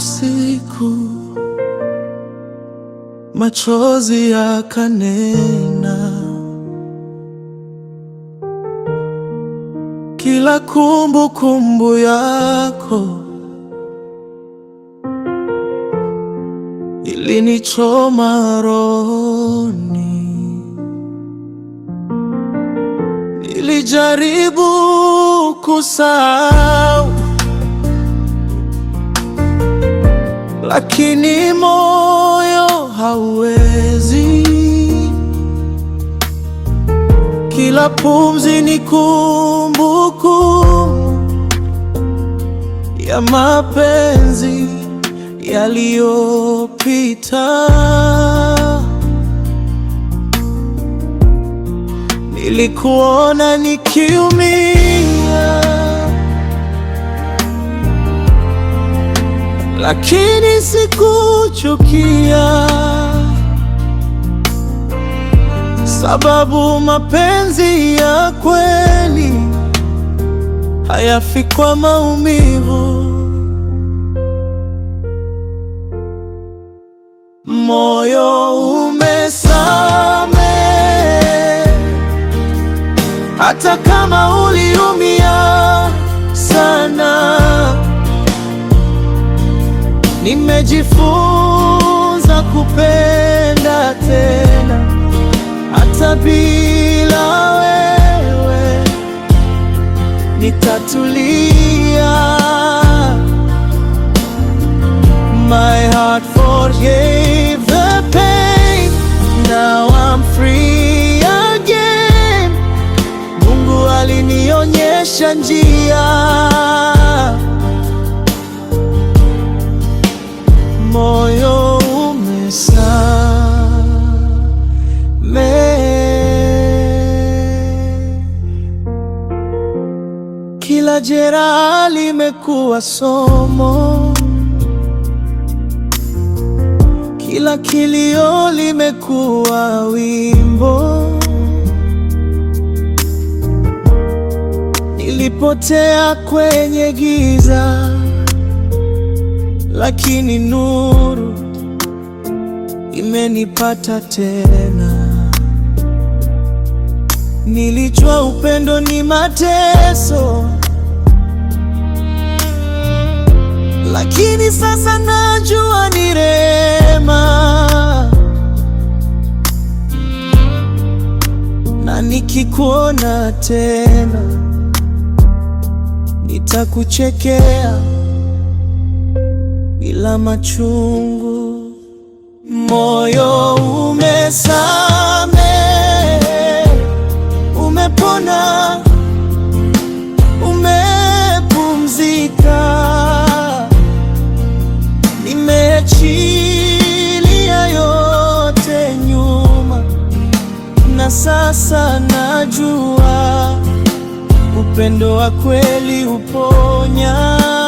usiku, machozi yakanena. Kila kumbukumbu kumbu yako ilinichoma rohoni. Nilijaribu kusahau lakini moyo hauwezi. Kila pumzi ni kumbukumbu ya mapenzi yaliyopita. Nilikuona nikiumia lakini sikuchukia, sababu mapenzi ya kweli hayafi kwa maumivu. Moyo umesame hata kama uliumia sana. Nimejifunza kupenda tena hata bila wewe, nitatulia. My heart forgave the pain, now I'm free again. Mungu alinionyesha njia na jeraha limekuwa somo, kila kilio limekuwa wimbo. Nilipotea kwenye giza, lakini nuru imenipata tena. Nilijua upendo ni mateso lakini sasa najua ni rehema, na nikikuona tena nitakuchekea bila machungu, moyo ume na sasa najua upendo wa kweli uponya.